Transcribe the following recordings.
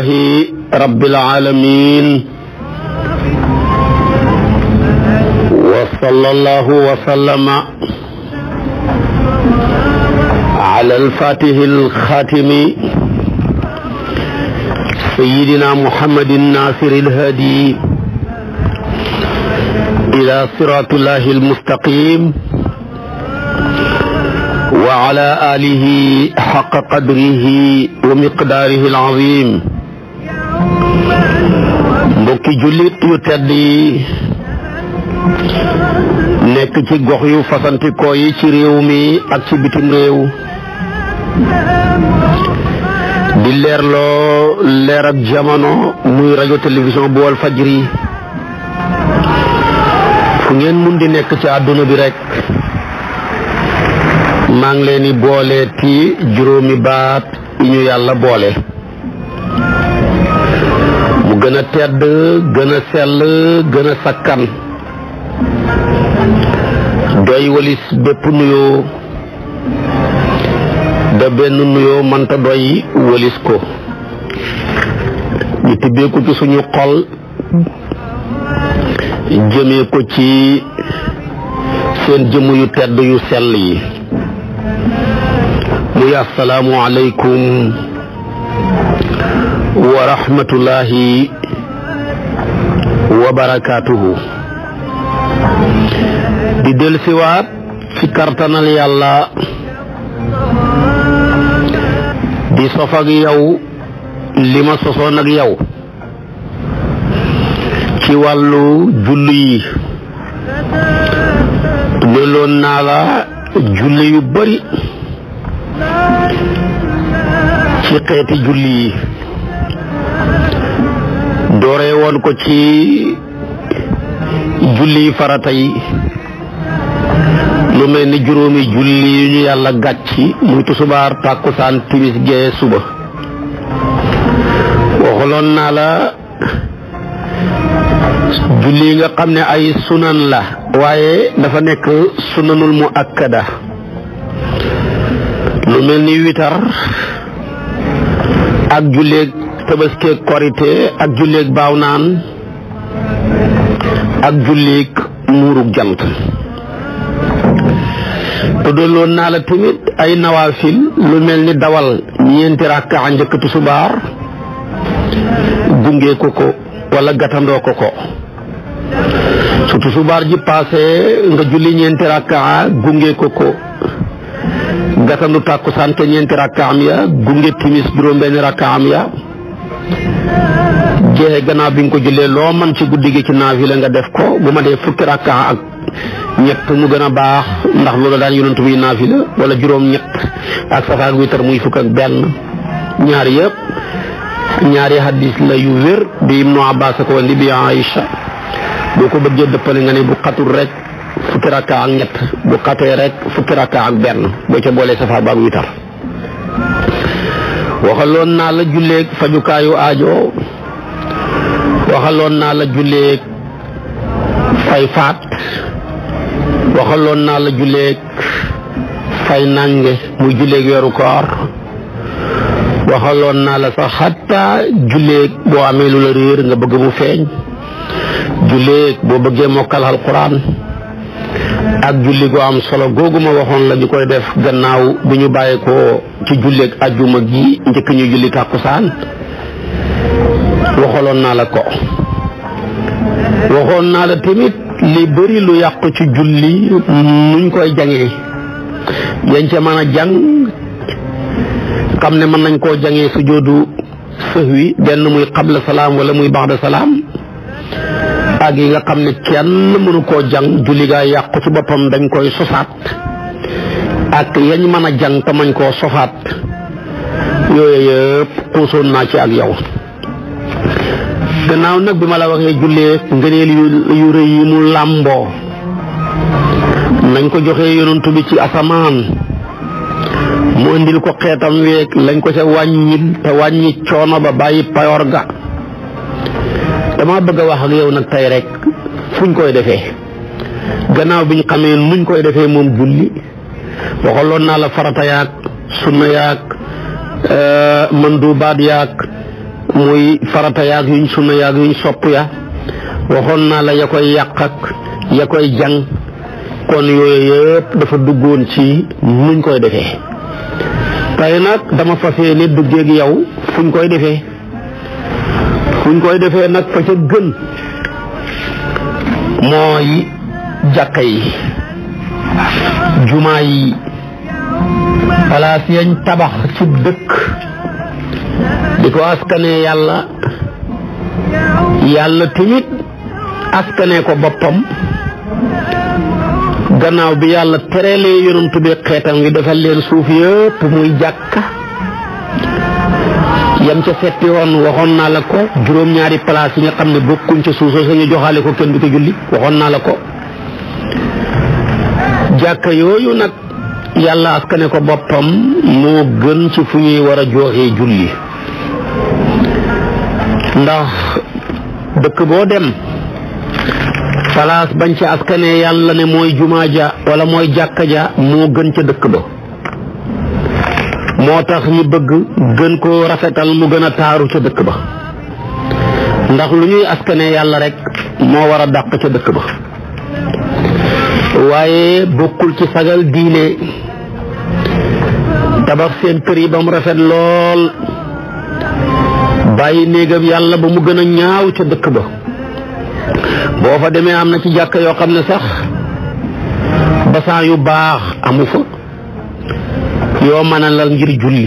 alhamdulillahi rabbil alamin wa sallallahu wa sallama ala alfatihi alxatimi sayidina muhammadin nasir alhadi ila siratillahi almustaqim وعلى آله حق قدره ومقداره العظيم mbokki jullit yu tedd yi nekk ci gox yu fasantikoo yi ci réew mi ak ci bitim réew di leerloo leer ak jamono muy rajo télévision bu wal fajri fu ngeen mun di nekk ci àdduna bi rekk maa ngi leen di boole ci juróomi baat yi ñu yàlla boole gën tedd gën a sell gën a sakkan doy walis bépp nuyoo da benn nuyoo mënta doy walis ko ñu tibbeeku ci suñu xol jëmee ko ci seen jëmm yu tedd yu sell yi muy asalaamu aleykum wa rahmatullahi wa barakaatuhu di dellusiwaat ci kartanal yàlla di sof ak yow li ma sosoon ak yow ci wàllu julli yi loon naa la julli bari ci xeeti julli yi dooree woon ko ci julli farata yi lu mel ni juróomi julli yu ñu yàlla gàcci muy tusubaar tàkkusaan timis gee suba waxuloon naa la julli nga xam ne ay sunan la waaye dafa nekk sunanul mu akkada lu mel ni witar ak julleeg tëbaskeeg korité ak julleeg baaw naan ak julleeg muurug jant tuddaloon naa la tamit ay nawaafil lu mel ni dawal ñeenti rakka njëkk tusubaar gunge ko ko wala gàttandoo ko ko su tusubaar ji paase nga julli ñeenti rakka gunge ko gasandu tàkkusaan te ñeenti rakkaam ya gunge timis juróom-benn rakkaam ya jeexe gannaaw bi nga ko jëlee loo man ci guddi gi ci naafila nga def ko bu ma dee fukki rakka ak ñett mu gën a baax ndax loolu daan yonent buy naafila wala juróom-ñett ak safaak witar muy fukk ak benn ñaar yëpp ñaari hadis la yu wér bi Ibnu Abbas ko wandi bi Aïcha boo ko bëggee dëppale nga ne bu xatul rek fukki rakka ak ñett bu xatee rek fukki ak benn boo ca boolee safa baag witar waxaloon naa la julleeg fajukaayu aajo waxaloon naa la julleeg fay faat waxaloon naa la julleeg fay nange muy julleeg weeru koor waxaloon naa la sax xatta julleeg boo amee lu la réer nga bëgg mu feeñ julleeg boo bëggee mokkal alquran ak julli goo am solo googu ma waxoon lañu koy def gannaaw bu ñu bàyyi ko ci julleeg ajjuma gi njëkk ñu julli tàkkusaan waxaloon naa la ko waxoon naa la tamit li bëri lu yàqu ci julli muñ koy jangee yañ ca mën a jàng xam ne mën nañ koo jangee sujoodu sëhwi benn muy qabla salaam wala muy baxda salaam ak yi nga xam ne kenn mënu koo jàng julli gaa yàqu ci boppam dañ koy sosaat ak yañ mën a jàng te mañ koo sosaat yooyu yëpp xuusoon naa ci ak yow gannaaw nag bi ma la waxee jullee ngëneel yu rëy yi mu làmboo nañ ko joxee yonantu bi ci asamaan mu indil ko xeetam week lañ ko ca wàññil te wàññi coono ba bàyyi payoor ga dama bëgg wax ak yow nag tey rek fuñ koy defee gannaaw bi ñu xamee nuñ koy defee moom julli waxaloon naa la farata yaag sunna yaag euh, mandubaat yaag muy farata yaag yuñ sunna yaag yuñ sopp ya waxoon naa la ya koy yàq ak ya koy jàng kon yooyu yëpp dafa duggoon ci nuñ koy defee tey nag dama fas yéene duggee ak yow fuñ koy defee buñ koy defee nag fa ca gën mooy jàkka yi jumaa yi palaas yañ tabax ci dëkk di ko askanee yàlla yàlla tamit askanee ko boppam gannaaw bi yàlla terelee yonantu bi xeetam ngi defal leen suuf yëpp muy jàkk yam ca setti woon waxoon naa la ko juróom-ñaari place yi nga xam ne bokkuñ ca suuf soo ñu joxaale ko kenn du ko julli waxoon naa la ko jàkka yooyu nag yàlla askane ko boppam moo gën ci fu ñuy war a jooxee julli ndax dëkk boo dem place bañ ca askane yàlla ne mooy jumaa ja wala mooy jàkka ja moo gën ca dëkk ba moo tax ñu bëgg gën koo rafetal mu gën a taaru ca dëkk ba ndax lu ñuy askane yàlla rek moo war a dàq ca dëkk ba waaye bokkul ci sagal diine tabax seen kër yi ba mu rafet lool bàyyi néegam yàlla ba mu gën a ñaaw ca dëkk ba boo fa demee am na ci jàkk yoo xam ne sax basan yu baax amu fa yoo mënalal ngir julli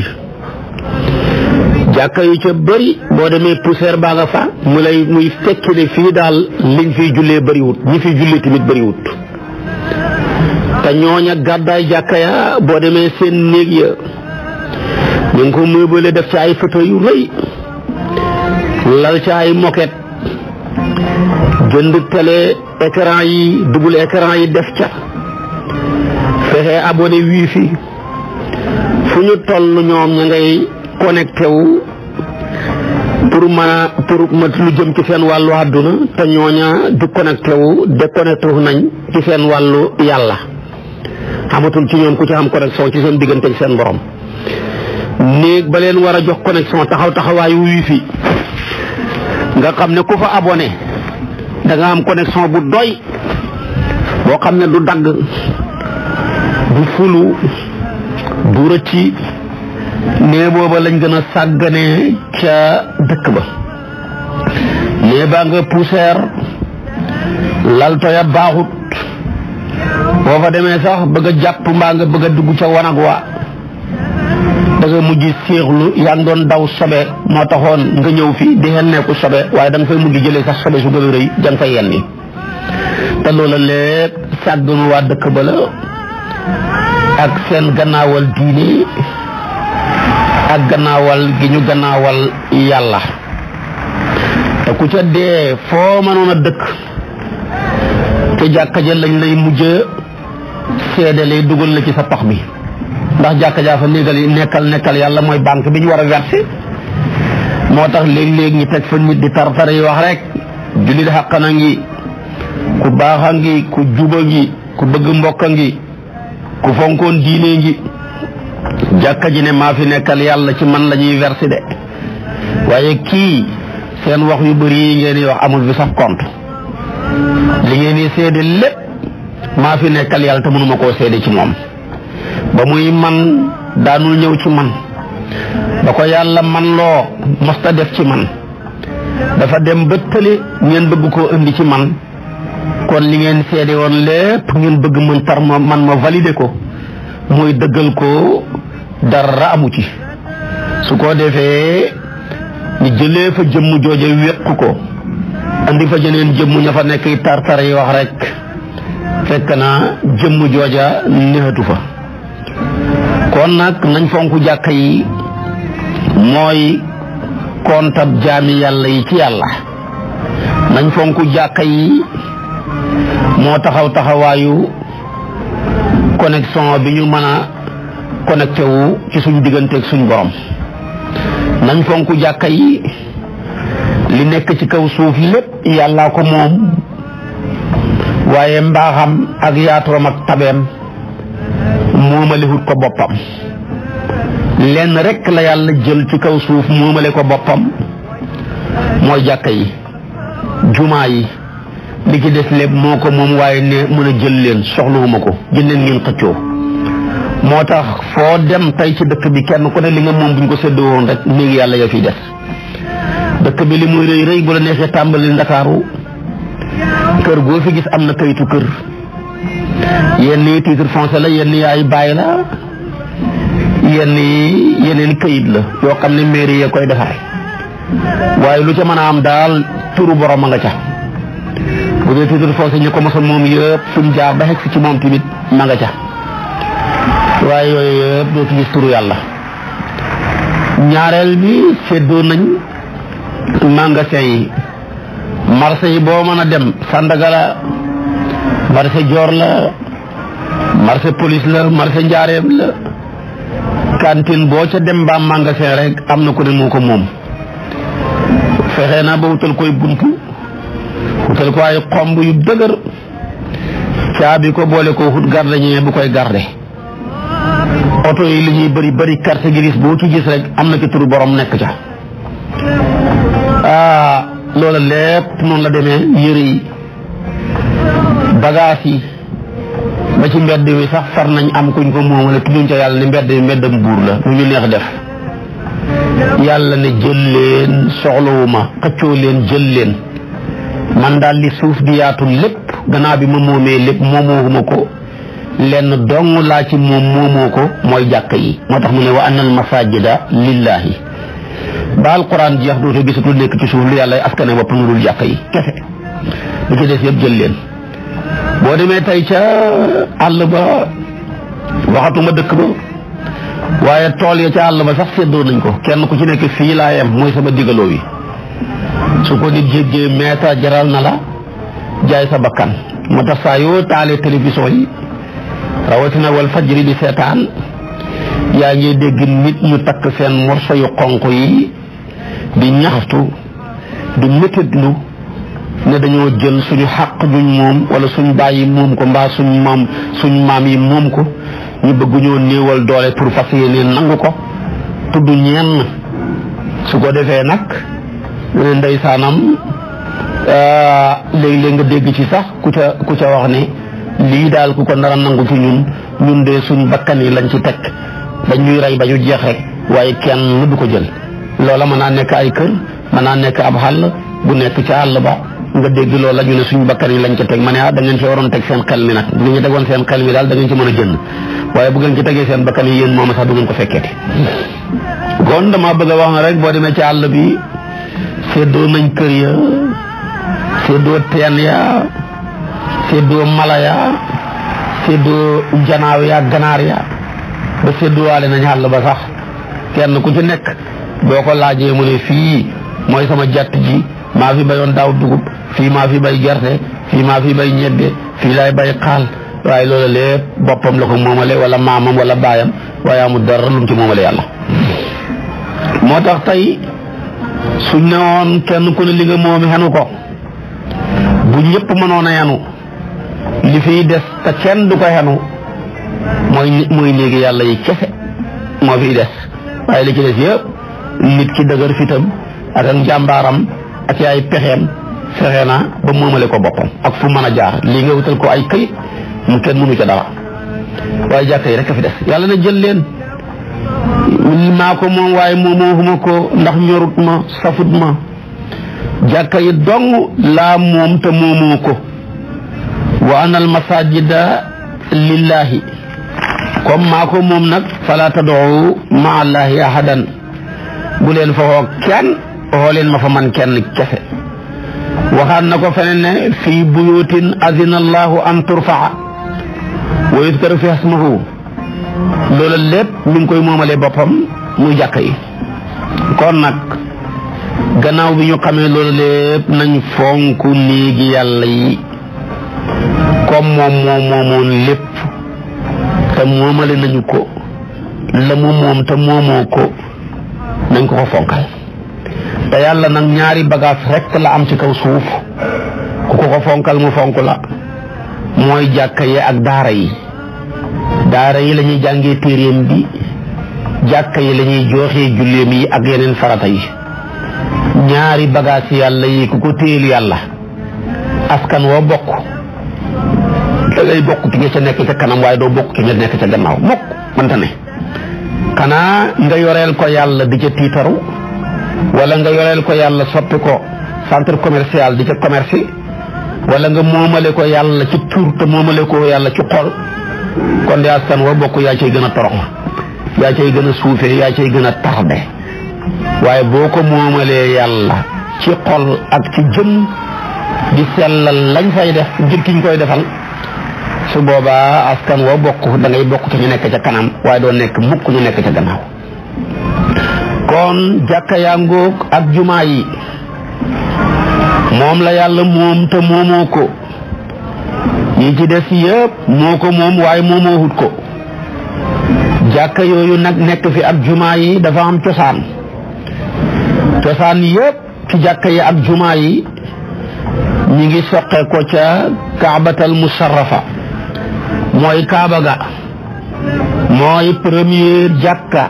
jàkka yu ca bëri boo demee poussière baa nga fa mu lay muy fekki fii daal liñ fiy jullee bëriwut ñi fiy julli tamit bëriwut te ñooña gàddaay jàkk ya boo demee seen néeg ya ñu ngi ko meubale def ci ay fauteuil yu rëy lal ci ay moket jënd télé écran yi double écran yi def ca fexe abonné wifi ñu toll ñoom ñu ngay connecté wu pour ma a pour ma lu jëm ci seen wàllu àdduna te ñooña du connecté wu déconnecté nañ ci seen wàllu yàlla amatul ci ñoom ku ci am connexion ci seen diggante seen borom néeg ba leen war a jox connexion taxaw taxawaayu wifi nga xam ne ku fa abonné danga nga am connexion bu doy boo xam ne du dagg du fulu du rëcc nee booba lañ gën a sàgganee ca dëkk ba nee baa nga poussière lalto ya baaxut boo fa demee sax bëgg a jàpp mbaa nga bëgg a dugg ca wanag wa da nga mujj séexlu yaa ngi doon daw sobe moo taxoon nga ñëw fii di xenneeku sobe waaye da nga fay mujj jëlee sax sobe su gën a rëy da nga fay yenni te loola lépp sàgganu waa dëkk ba la ak seen gannaawal diine ak gannaawal gi ñu gannaawal yàlla te ku ca dee foo mënoon a dëkk te jàkka ja lañ lay mujj seede lay dugal la ci sa pax bi ndax jàkka jaa fa néegal nekkal nekkal yàlla mooy banque bi ñu war a verser moo tax léeg léegi ñi teg fa nit di tartar yi wax rek jullit xàqana ngi ku baaxa ngi ku juba ngi ku bëgg mbokka ngi ku fonkoon diine ngi jàkka ji ne maa fi nekkal yàlla ci man la ñuy verser de waaye kii seen wax yu bëri yi ngeen di wax amul bi sax compte li ngeen di seede lépp maa fi nekkal yàlla te mënuma koo seede ci moom ba muy man daanul ñëw ci man ba ko yàlla man loo mosta def ci man dafa dem ba tële ngeen bëgg ko indi ci man kon li ngeen seede woon lépp ngeen bëgg mën tar ma man ma valider ko mooy dëggal ko dara amu ci su ko defee ñu jëlee fa jëmm jooje wéq ko andi fa jeneen jëmm ña fa nekk tartar yi wax rek fekk na jëmm jooja néxatu fa kon nag nañ fonk jàkk yi mooy kontab jaami yàlla yi ci yàlla nañ fonk jàkk yi moo taxaw taxawaayu connexion bi ñu mën a connecté wu ci suñu diggante ak suñu borom nañ fonk jàkka yi li nekk ci kaw suuf yi lépp yàllaa ko moom waaye mbaaxam ak yaatoom ak tabeem moomalewut ko boppam lenn rek la yàlla jël ci kaw suuf moomale ko boppam mooy jàkka yi jumaa yi li ci def lépp moo ko moom waaye ne mën a jël leen soxluwuma ko jël leen ngeen xëccoo moo tax foo dem tey ci dëkk bi kenn ku ne li nga moom buñ ko seddoo woon rek néegi yàlla yoo fi def dëkk bi li muy rëy rëy bu la neexee tàmbali ndakaaru kër goo fi gis am na kayitu kër yenn yi titre la yenn yi ay bàyyi la yenn yi yeneen kayit la yoo xam ne mairie koy defar waaye lu ca mën a am daal turu borom a nga ca bu dee titre foncé ñu ko mosoon moom yëpp suñ jaar ba xegsi ci moom tamit ma nga ca waaye yooyu yëpp doo ci gis yàlla ñaareel bi séddoo nañ magasin yi marché yi boo mën a dem Sandaga la marché Joor la marché police la marché Njaareem la cantine boo ca dem mbaam magasin rek am na ku ne moo ko moom fexe na ba wutal koy buntu utal ko ay xomb yu dëgër caabi ko boole ko xut gardien bu koy garde oto yi li ñuy bari bëri carte grise boo ci gis rek am na ki turu borom nekk ca ah loola lépp noonu la demee yëre yi bagaas yi ba ci mbedd wi sax far nañ am kuñ ko moomale tudduñ ca yàlla ni mbedd mi mbeddam buur la lu ñu neex def yàlla ne jël leen soxlawuma xëccoo leen jël leen man daal li suuf di yaatu lépp gannaaw bi ma moomee lépp moomoowuma ko lenn dong laa ci moom moomoo ko mooy jàkk yi moo tax mu ne wa annal masajida lillaahi ba alquran jeex dootoo gisat lu nekk ci suuf lu yàlla askane bopp nu dul jàkk yi kese bu ci des yëpp jël leen boo demee tey ca àll ba waxatuma dëkk ba waaye tool ya ca àll ba sax séddoo nañ ko kenn ku ci nekk fii laa mooy sama digaloo wi su ko nit jéggee meeta jaral na la jaay sa bakkan moo tax saa yoo taalee télévision yi rawatina wal fajri di seetaan yaa ngi dégg nit ñu takk seen morso yu xonk yi di ñaxtu du di métitlu ne dañoo jël suñu xaq duñ moom wala suñ bàyyi moom ko mbaa suñ maam suñ maam yi moom ko ñu bëgg ñoo néewal doole pour fas yéene nangu ko tudd ñenn su ko defee nag ndeysaanam léegi euh, léeg nga dégg ci sax ku ca ku ca wax ne lii daal ku ko nar a nangu ci ñun ñun de suñ bakkan yi lañ ci teg dañ ñuy rey ba ñu rek waaye kenn du ko jël loola mën naa nekk ay kër mën naa nekk ab xàll bu nekk ca àll ba nga dégg loola ñu ne suñ bakkan yi lañ ca teg ma ne ah da ngeen ci waroon teg seen xel mi nag bu ngeen ci seen xel mi daal da ci mën a jënd waaye bu ngeen ci tegee seen bakkan yi yéen moom sax du ngeen ko fekkeeti kon dama bëgg a wax rek boo demee ci àll bi séddoo nañ kër ya séddoo teen ya séddoo mala ya séddoo janaaw ya ganaar ya ba waale nañ àll ba sax kenn ku ci nekk boo ko laajee mu ne fii mooy sama jàtt ji maa fi bayoon daaw dugub fii maa fi bay gerte fii maa fi bay ñebbe fii laay bay xaal waaye loolu lépp boppam la ko moomale wala maamam wala baayam waaye amul dara lu mu ci moomale yàlla moo tax tey suñ ne woon kenn ku ne li nga moom xenu ko bu ñëpp mënoon a xenu li fiy des te kenn du ko xenu mooy mooy léegi yàlla yi kese moo fiy des waaye li ci des yëpp nit ki dëgër fitam ak ak njàmbaaram ak yaay pexeem fexe na ba moomale ko boppam ak fu mën a jaar lii nga wutal ko ay këyit mu kenn mënu ca dara waaye jàkka yi rek a fi des yàlla na jël leen maa ko moom waaye moomoowuma ko ndax ñorut ma safut ma yi dong laa moom te moomoo ko wa ana al masajida lillahi moom nag fala tad'u ma allahi ahadan bu leen fa xoo kenn xoo leen ma fa man kenn kese waxaan na ko feneen ne fii buyutin an turfaa wa yuzkara fi hasmuhu loola lépp mi ngi koy moomalee boppam muy jàkk yi kon nag gannaaw bi ñu xamee loola lépp nañ fonk néegi yàlla yi comme moom moom moomoon lépp te moomale nañu ko la mu moom te moomoo ko nañ ko ko fonkal te yàlla nag ñaari bagaas rekk la am ci kaw suuf ku ko ko fonkal mu fonk la mooy jàkka yi ak daara yi daara yi lañuy jàngee téeréem bi jàkka yi lañuy jooxee julleem yi ak yeneen farata yi ñaari bagaas yàlla yi ku ko téyel yàlla askan woo bokk da bokk ki nga ca nekk ca kanam waaye doo bokk ki nga nekk ca gannaaw bokk mënta ne xanaa nga yoreel ko yàlla di ca tiitaru wala nga yoreel ko yàlla soppi ko centre commercial di ca commerci wala nga moomale ko yàlla ci tur te moomale ko yàlla ci xool kon de askan wa bokk yaa cay gën a torox yaa cay gën a suufee yaa cay gën a tarde waaye boo ko moomalee yàlla ci xol ak ci jëm di sellal lañ fay def ngir kiñ koy defal su boobaa askan wa bokk da bokk ci ñu nekk ca kanam waaye doo nekk mukk ñu nekk ca gannaaw kon jàkka yaa ak jumaa yi moom la yàlla moom te moomoo ko yi ci des yëpp moo ko moom waaye moomoo hut ko jàkka yooyu nag nekk fi ak jumaa yi dafa am cosaan cosaan yëpp ci jàkka yi ak jumaa yi ñi ngi soqe ko ca kaabatal musarrafa mooy kaaba ga mooy première jàkka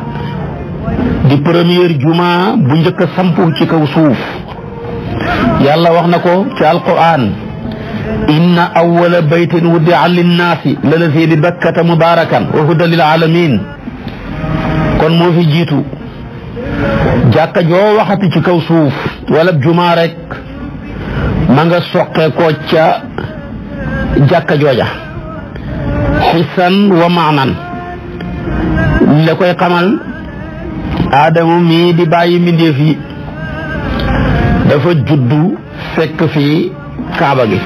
di première juma bu njëkk a sampu ci kaw suuf yàlla wax na ko ci alquran inna awwala baytin wudi'a linnaasi lalazi bi bakkata mubaarakan wa hudan lil aalamiin kon moo fi jiitu jàkka joo waxati ci kaw suuf wala jumaa rek ma nga soqe ko ca jàkka jooja xisan wa maanan la koy xamal aadama mii di bàyyi mbindéef yi dafa juddu fekk fii kaaba gi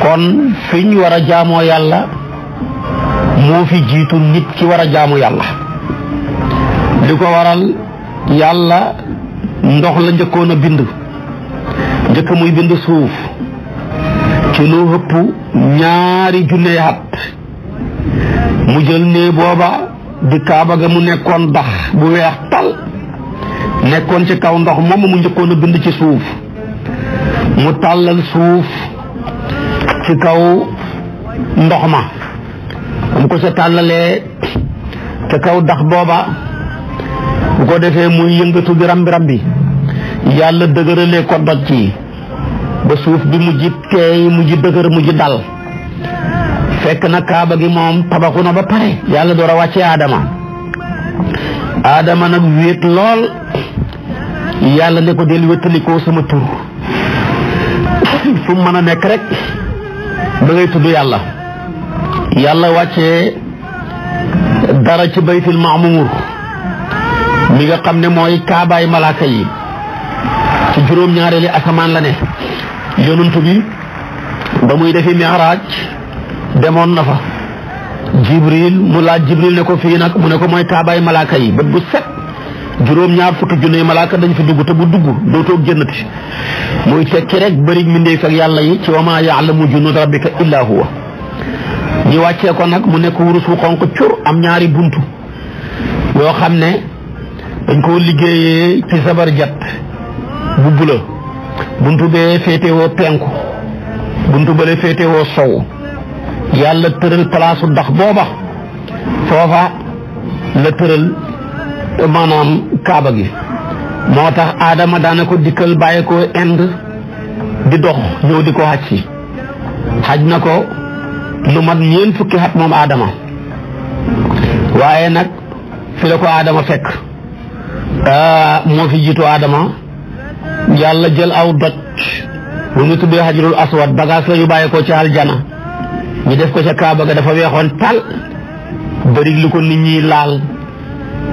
kon fi ñu war a jaamoo yàlla moo fi jiitu nit ki war a jaamu yàlla li ko waral yàlla ndox la njëkkoon a bind njëkk muy bind suuf ci lu hëpp ñaari junne at mu jël ne booba di kaaba ga mu nekkoon dax bu weex tal nekkoon ci kaw ndox moom mu njëkkoon a bind ci suuf mu tàllal suuf ci kaw ndox ma mu ko sa tàllalee ca kaw dax booba bu ko defee muy yëngatu di rambi rambi yàlla dëgëralee ko yi ba suuf bi mu ji teey mu ji dëgër mu ji dal fekk na kaaba gi moom tabaxu na ba pare yàlla door a wàcce aadama aadama nag wéet lool yàlla ne ko del wéttalikoo sama tur fu mën a nekk rek da ngay tudd yàlla yàlla wàccee dara ci baytul maamur mi nga xam ne mooy kaabaay malaaka yi ci juróom-ñaareeli asamaan la ne yonent ba muy defi mi'raaj demoon na fa jibril mu laaj jibril ne ko fii nag mu ne ko mooy kaabaay malaaka yi bët bu set juróom ñaar fukki junne malaaka dañ fi dugg te bu dugg dootoo génnati muy tekki rek bëri mbindeef ak yàlla yi ci wa maa yaalamu junud rabbika illa huwa ñi wàccee ko nag mu nekk wurus bu xonq cur am ñaari buntu yoo xam ne dañ koo liggéeyee ci sabar jat bu bula buntu bee féetewoo penku buntu bële féetewoo sow yàlla tëral palaasu ndax booba foofa la tëral maanaam kaaba gi moo tax aadama daana ko dikkal bàyyi ko Inde di dox ñëw di ko xaj si xaj na ko lu mat ñeent fukki xat moom aadama waaye nag fi la ko aadama fekk ah, moo fi jiitu aadama yàlla jël aw doj bu ñu tuddee xajarul aswad bagage la yu bàyyi ko ci aljana ñu def ko ca kaaba ga dafa weexoon tal bëri lu ko nit ñi laal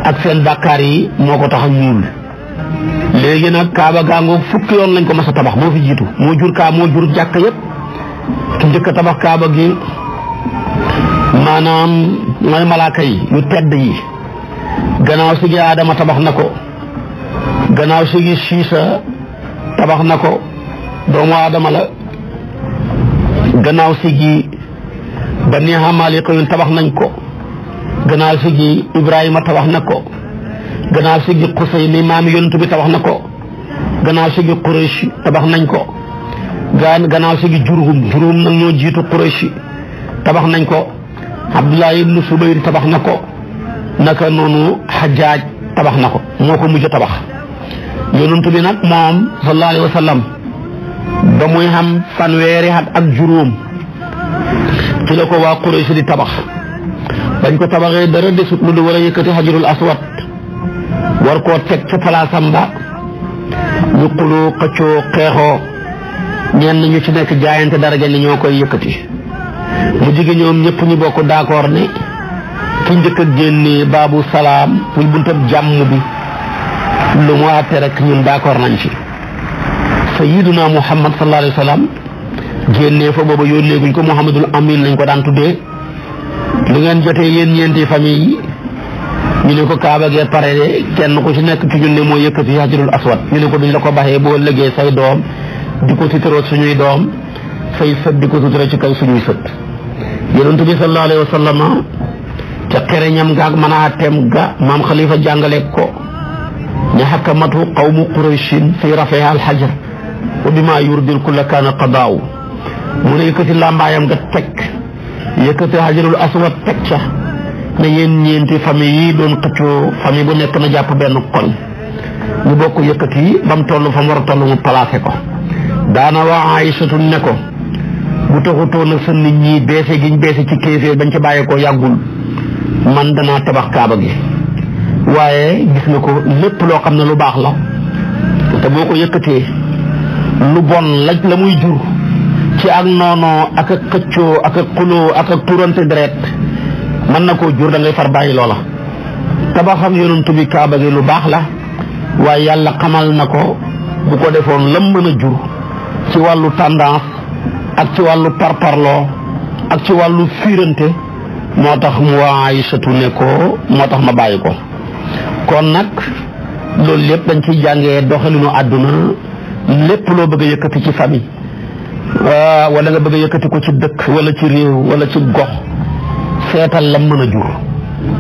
ak seen bàkkaar yi moo ko tax a ñuul léegi nag kaaba gaangoog fukki yoon lañ ko mas a tabax boo fi jiitu moo jur kaa moo jur jàkk yépp ki njëkk a tabax kaaba gi maanaam mooy malaaka yi yu tedd yi gannaaw si gi aadama tabax na ko gannaaw si gi siisa tabax na ko doomu aadama la gannaaw si gi bani xamaali ko yun tabax nañ ko gannaaw si gi Ibrahima tabax na ko gannaaw si gi Xusay ni maam yontu bi tabax na ko gannaaw si gi Quraysh tabax nañ ko gaan gannaaw si gi Jurhum Jurhum nag ñoo jiitu Quraysh tabax nañ ko Abdullah ibnu Subayr tabax na ko naka noonu Xajaaj tabax na ko moo ko mujj tabax yonent nag moom sallallahu alayhi wa sallam xam fanweeri at ak juróom ci ko waa Quraysh di tabax dañ ko tabaxee dara desut lu du war a yëkkati xajarul aswad war koo teg ca palaasam ba ñu xuloo xëccoo xeexoo ñenn ñu ci nekk jaayante daraja ni ñoo koy yëkkati mu jigéen ñoom ñëpp ñu bokk d'accord ni ki njëkk a génnee baabu salaam muy buntab jàmm bi lu mu àtte rek ñun d'accord nañ ci sayyiduna muhammad sallallahu alayhi wa sallam génnee fa booba yónneeguñ ko muhammadul amin lañ ko daan tuddee lu ngeen jotee yéen ñeenti famille yi ñu ne ko Kaaba gee pare de kenn ko ci nekk ci junne moo yëkkati hajarul aswad ñu ne ko duñ la ko baxee boo lëggee say doom di ko suturoo suñuy doom say sët di ko suturoo ci kaw suñuy sët yonent bi sallallahu alayhi wa sallam ca xereñam ga ak mën a tem ga maam xalifa jàngale ko ne xakamatu qawmu qurayshin fi rafee alxajar wa bima yurdil kulla kaana qadaaw mu ne yëkkati làmbaayam ga teg yëkkati hajarul aswad teg ca ne yéen ñeenti famille yi doon xëccoo famille bu nekk na jàpp benn koñ ñu bokk yëkkati ba mu toll fa mu war a toll mu placé ko daana waa Aysatu ne ko bu taxutoo nag sa nit ñi beese giñ beese ci kéefee bañ ca bàyyi ko yàggul man danaa tabax kaaba gi waaye gis nga ko lépp loo xam ne lu baax la te boo ko yëkkatee lu bon la la muy jur ci ak noonoo ak ak xëccoo ak ak xuloo ak ak turante deret mën na koo jur dangay ngay far bàyyi loola tabaxam yonent bi kaaba gi lu baax la waaye yàlla xamal na ko bu ko defoon lam mën a jur ci wàllu tendance ak ci wàllu parparloo ak ci wàllu fiirante moo tax mu Aysatu ne nekkoo moo tax ma bàyyi ko kon nag loolu lépp dañ ciy jàngee doxalinu àdduna lépp loo bëgg a yëkkati ci famille Ah, wala nga bëgg a yëkkati ko ci dëkk wala ci réew wala ci gox seetal lam mën a jur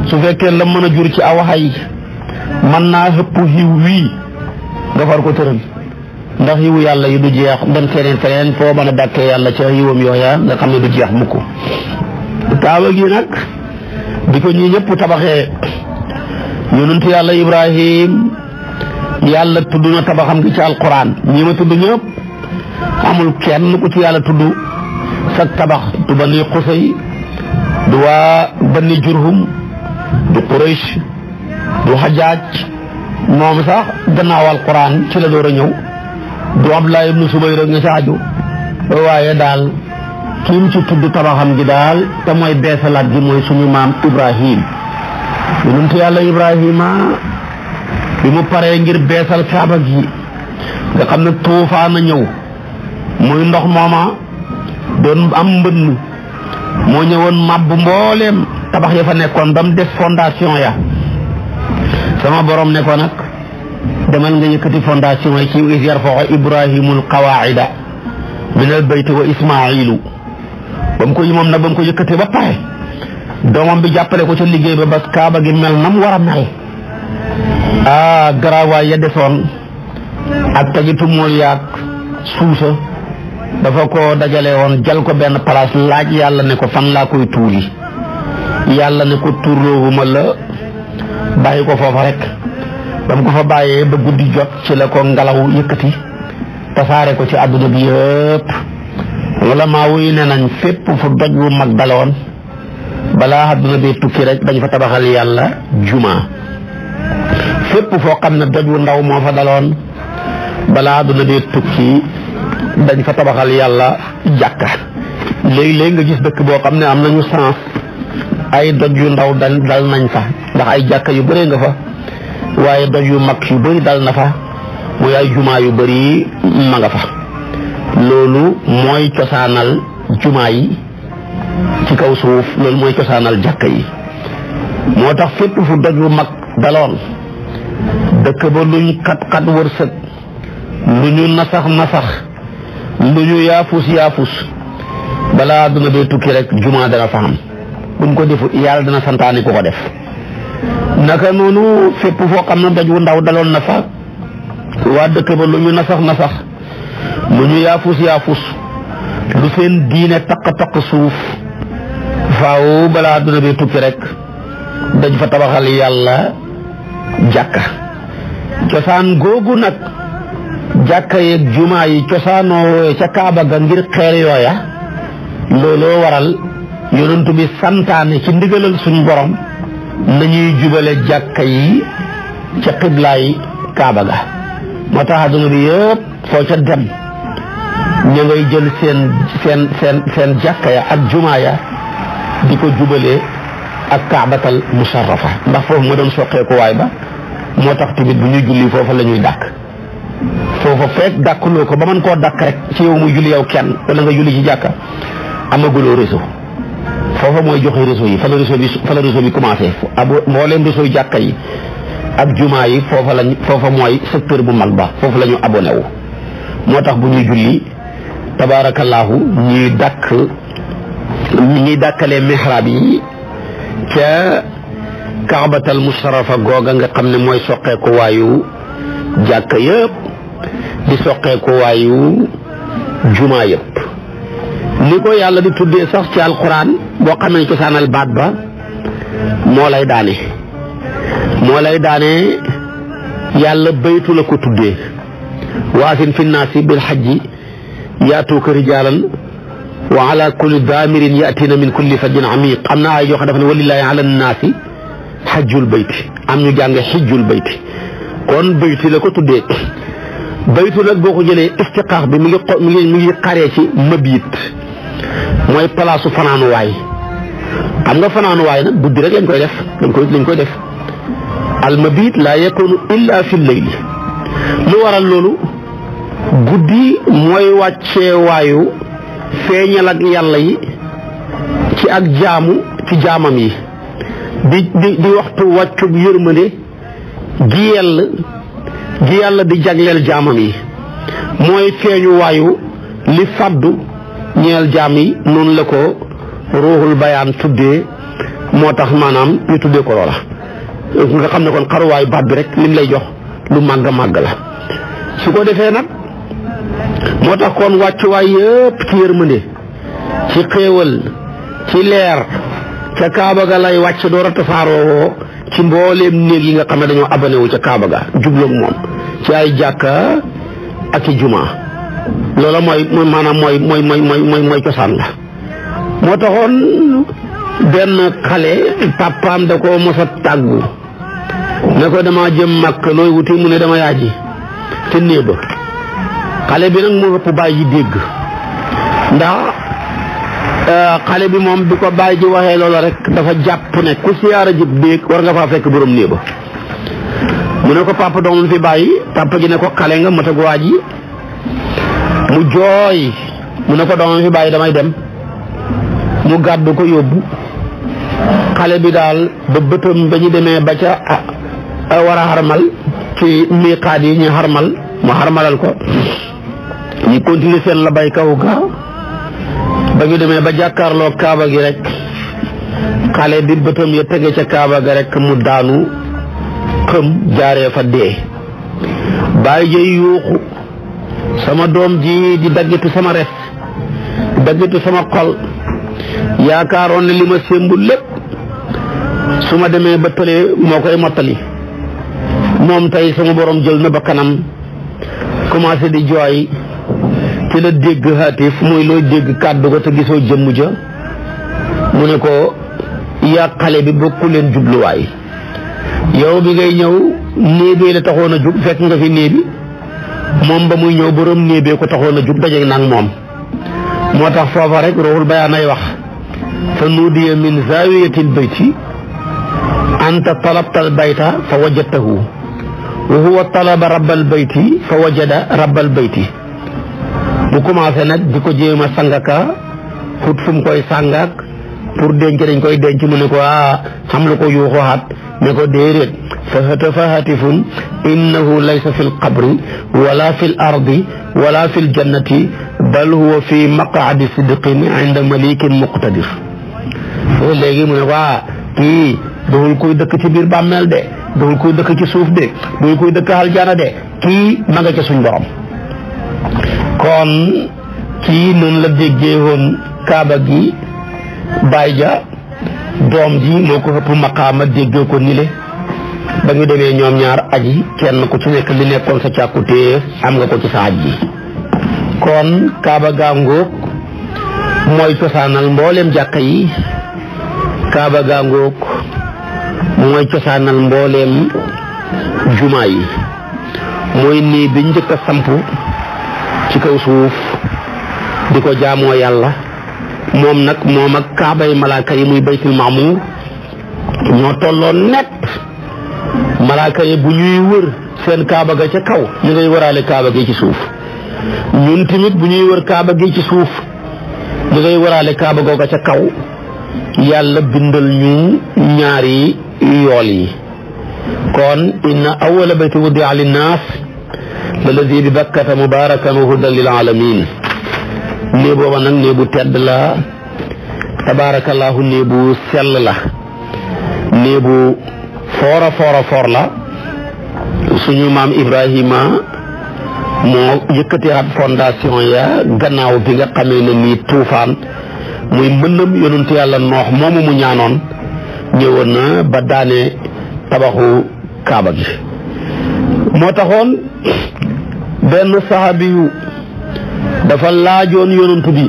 su fekkee lam mën a jur ci aw xay mën naa xëpp xiw wii nga far ko tëral ndax yiwu yàlla yi du jeex dem feneen feneen foo mën a dàkkee yàlla ca yiwam yooya nga xam ne du jeex mukk taawa gi nag di ko ñii ñëpp tabaxee yonent yàlla ibrahim yàlla tudd na tabaxam gi ci alquran ñi ma tudd ñëpp amul kenn ku ci yàlla tudd sag tabax du bani xusay du waa bani jurhum du quraysh du xajaaj moom sax gannaaw alquran ci la door a ñëw du abdulaay ibnu subayr nga ci aju waaye daal kiim ci tudd tabaxam gi daal te mooy beesalaat gi mooy suñu maam ibrahim yonent yàlla ibrahima bi mu paree ngir beesal kaaba gi nga xam ne tuufaan a ñëw muy ndox mooma doon am mbënn moo ñëwoon màbb mbooleem tabax ya fa nekkoon ba mu def fondation ya sama boroom ne ko nag demal nga yëkkati fondation yi ci is yarfaxo ibrahimul qawaida min al bayti wa ismailu ba mu ko yi moom nag ba mu ko yëkkatee ba pare doomam bi jàppale ko ca liggéey ba ba kaaba gi mel nam war a mel ah garaawaay ya desoon ak tajitu mooy yaag suusa dafa ko dajale woon jal ko benn place laaj yàlla ne ko fan laa koy tuuli yàlla ne ko tuurloowuma la bàyyi ko foofa rek ba ko fa bàyyee ba guddi jot ci la ko ngelaw yëkkati tasaare ko ci àdduna bi yëpp wala maa wuyu ne nañ fépp fu doj wu mag daloon balaa àdduna bi tukki rek dañ fa tabaxal yàlla juma fépp foo xam ne doj ndaw moo fa balaa àdduna tukki dañ fa tabaxal yàlla jàkka léegi-léegi nga gis dëkk boo xam ne am nañu sens ay doj yu ndaw dal dal nañ fa ndax ay jàkka yu bëree nga fa waaye doj yu mag yu bëri dal na fa muy ay jumaa yu bari ma nga fa loolu mooy cosaanal jumaa yi ci kaw suuf loolu mooy cosaanal jàkka yi moo tax fépp fu doj wu mag daloon dëkk ba luñ xat-xat wërsëg lu nasax nasax lu ñu yaafus yaafus balaa adduna bee tukki rek juma dana fa am buñ ko defu yàlla dana santaani ku ko def naka noonu fépp foo xam ne daj wu ndaw daloon na fa waa dëkk ba lu ñu nasax nasax lu ñu yaafus yaafus lu seen diine taq taq suuf faaw balaa adduna bee tukki rek dañ fa tabaxal yàlla jàkka cosaan googu nag jàkka yeeg jumaa yi cosaanoo ca Kaaba ga ngir xeer yooya looloo waral yonent bi santaane ci ndigalal suñu borom nañuy jubale jàkka yi ca xiblaay Kaaba ga moo tax àdduna bi yëpp foo ca dem ñu ngay jël seen seen seen seen jàkka ya ak jumaa ya di ko jubale ak kaabatal musarrafa ndax foofu ma doon soqeeku ba moo tax tamit bu ñuy julli foofu la ñuy dàkk foofa fekk dàkkuloo ko ba man koo dàkk rek ci yow muy julli yow kenn wala nga julli ci jàkka amaguloo réseau foofa mooy joxe réseau yi fa la réseau bi fa la réseau bi commencé ab mbooleem réseau jàkka yi ak jumaa yi foofa lañ foofa mooy secteur bu mag ba foofu la ñu abonné moo tax bu ñuy julli tabaarakallaahu ñuy dàkk ñuy dàkkalee mihrab yi ca kaabatal musarafa googa nga xam ne mooy soqeeku waayu jàkka yëpp di soqeeku waayu jumaa yëpp li ko yàlla di tuddee sax ci alquran boo xamee cosaanal baat ba moo lay daane moo lay daane yàlla baytu la ko tuddee waasin fi naasi bil xajji yaatuuka rijaalan wa ala kulli daamirin yaatina min kulli fajjin amiq am na ay yoo xam dafa ne walillaahi ala naasi xajjul bayti am ñu jàng xijjul bayti kon bayti la ko tuddee baytu nag boo ko jëlee istiqaax bi mu ngi mi ngi mi ngi xaree ci mabit mooy palaasu fanaanuwaay xam nga fanaanuwaay nag guddi rek lañ koy def lañ koy lañ koy def al mabit laa yakunu illa fi leyli lu waral loolu guddi mooy wàccee waayu feeñal ak yàlla yi ci ak jaamu ci jaamam yi di di di waxtu wàccu yërmande gi ji yàlla di jagleel jaamam yi mooy feeñu waayu li fàddu ñeel jaam yi noonu la ko ruuxul bayaan tuddee moo tax maanaam ñu tuddee ko loola nga xam ne kon xaruwaayu baat bi rek lim lay jox lu màgg màgg la su ko defee nag moo tax kon wàccuwaay yëpp ci yërmande ci xéewal ci leer ca kaaba ga lay wàcc door a tasaaroo ci mbooleem néeg yi nga xam ne dañoo abonné wu ca Kaaba ga jubloog moom ci ay jàkka ak i juma loola mooy mooy maanaam mooy mooy mooy mooy mooy mooy cosaan la moo taxoon benn xale papaam da ko mos tàggu ne ko dama jëm Makka looy wuti mu ne dama yaaji te néeba xale bi nag mu ëpp bàyyi dégg ndax Euh, xale bi moom bi ko bàyyi ji waxee loolu rek dafa jàpp ne ku siyaara jib déeg war nga faa fekk borom néeg ba mu ne ko papa doomam fi bàyyi papa gi ne ko xale nga mat ak waa ji mu jooy mu ne ko doomam bàyyi damay dem mu gàddu ko yóbbu xale bi daal ba bëtam ba ñu demee ba ca ah, ah, war a xarmal ci miiqaat yi ñu xarmal mu xarmalal ko ñu continuer seen la bay kaw gaa ba demee ba jàkkaarloo kaaba gi rek xale bi bëtam ya tege ca kaaba ga rek mu daanu xëm jaaree fa dee bàyyi jëy yuuxu sama doom ji di daggitu sama res di daggitu sama xol yaakaaroon ne li ma sémbu lépp su ma demee ba tëlee moo koy mottali moom tey sama boroom jël na ba kanam commencé di joy ci la dégg haatif muy looy dégg kàddu ga te gisoo jëmm ja mu ne ko yaa bi bokku leen jubluwaay yow bi ngay ñëw néebee la taxoon a jub fekk nga fi néebi moom ba muy ñëw borom néebee ko taxoon a jub daje nag moom moo tax foofa rek ruuxul bayaan ay wax fa nuudiya min zaawiyatil bayti anta talabtal bayta fa wajadtahu wa huwa talaba rabbal bayti fa wajada rabbal bayti mu commencé nag bu ko jéem a sangaka xut koy sàngak pour denc dañ koy denc mu ne ko a ah, xam lu ko yuuxuwaat ne ko déedéet fa hata fa hatifun innahu laysa fi lqabri wala fi l ardi wala fi ljannati bal huwa fi maqaadi sidqin inda muqtadir mu ne ah, kii doxul kuy dëkk ci biir bàmmeel de doxul kuy dëkk ci suuf de doxul koy dëkk aljaana de kii ma ca suñ borom kon kii noonu la déggee woon kaaba gi baay ja doom ji moo ko ëpp maqaama déggee ko nile ba ñu demee ñoom ñaar aji kenn ku ci nekk li nekkoon sa càkkutéef am nga ko ci sa aj ji kon kaaba gaa ngóog mooy cosaanal mbooleem jàkka yi kaaba gaa ngóog mooy cosaanal mbooleem jumaa yi mooy nii bi njëkk samp ci kaw suuf di ko jaamoo yàlla moom nag moom ak kaabay malaaka yi muy baytul maamuur ñoo tolloon net malaaka yi bu ñuy wër seen kaaba ga ca kaw ñu ngay gi ci suuf ñun tamit bu ñuy wër kaaba gi ci suuf ñu ngay wëraale kaaba googa ca kaw yàlla bindal ñu ñaari yool yi kon inna awwala bayti wudi'a linnaas laladi bi bakkata mubarakan wa hudan lil alamin néeg nag néeg bu tedd la tabaarakallaahu néeg bu sell la néeg bu foora foora foor la suñu maam Ibrahima moo yëkkati at fondation ya gannaaw bi nga xamee ne nii tuufaan muy mbëndam yonentu yàlla noox moomu mu ñaanoon ñëwoon na ba daane tabaxu kaaba gi moo taxoon benn sahabiyu dafa laajoon yonantu bi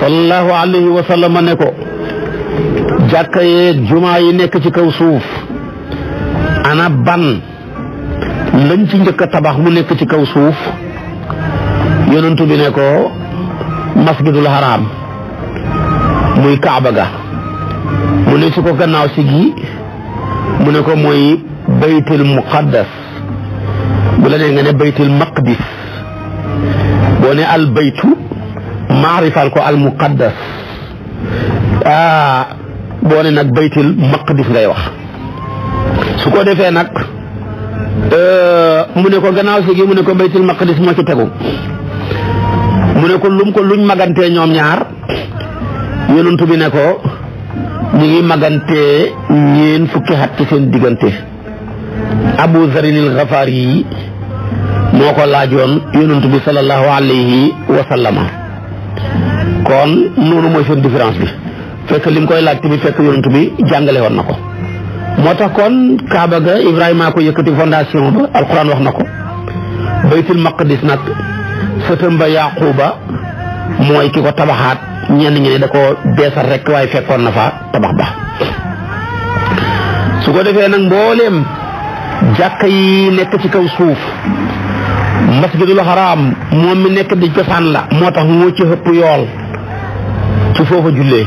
sallallahu alayhi wa sallam ne ko jàkka yeeg jumaa yi nekk ci kaw suuf ana ban lañ ci njëkk a tabax mu nekk ci kaw suuf yonantu bi ne ko masjidul haram muy kaaba ga mu ne su ko gannaaw si gi mu ne ko mooy baytul muqaddas bu la nee nga ne baytul maqdis boo ne al baytu maarifal ko al muqaddas ah boo ne nag baytul maqdis ngay wax su ko defee nag euh, mu ne ko gannaaw si gi mu ne ko baytul maqdis moo ci tegu mu ne ko lum ko luñ magantee ñoom ñaar yonent bi ne ko ñu ngi magantee ñeen fukki xat ci seen diggante Abu Zarinil Gafaari yi moo ko laajoon yonent bi sallallahu alayhi wa kon noonu mooy seen différence bi fekk li mu koy laaj tamit fekk yonent bi jàngale woon na ko moo tax kon Kaaba ga Ibrahima ko yëkkati fondation ba alquran wax na ko baytul maqdis nag sëtëm ba Yaquba mooy ki ko tabaxaat ñenn ñi ne da ko beesal rek waaye fekkoon na fa tabax ba su ko defee nag mbooleem jàkka yi nekk ci kaw suuf masjidul haram moom mi nekk di cosaan la moo tax moo ci hëpp yool su foofa jullee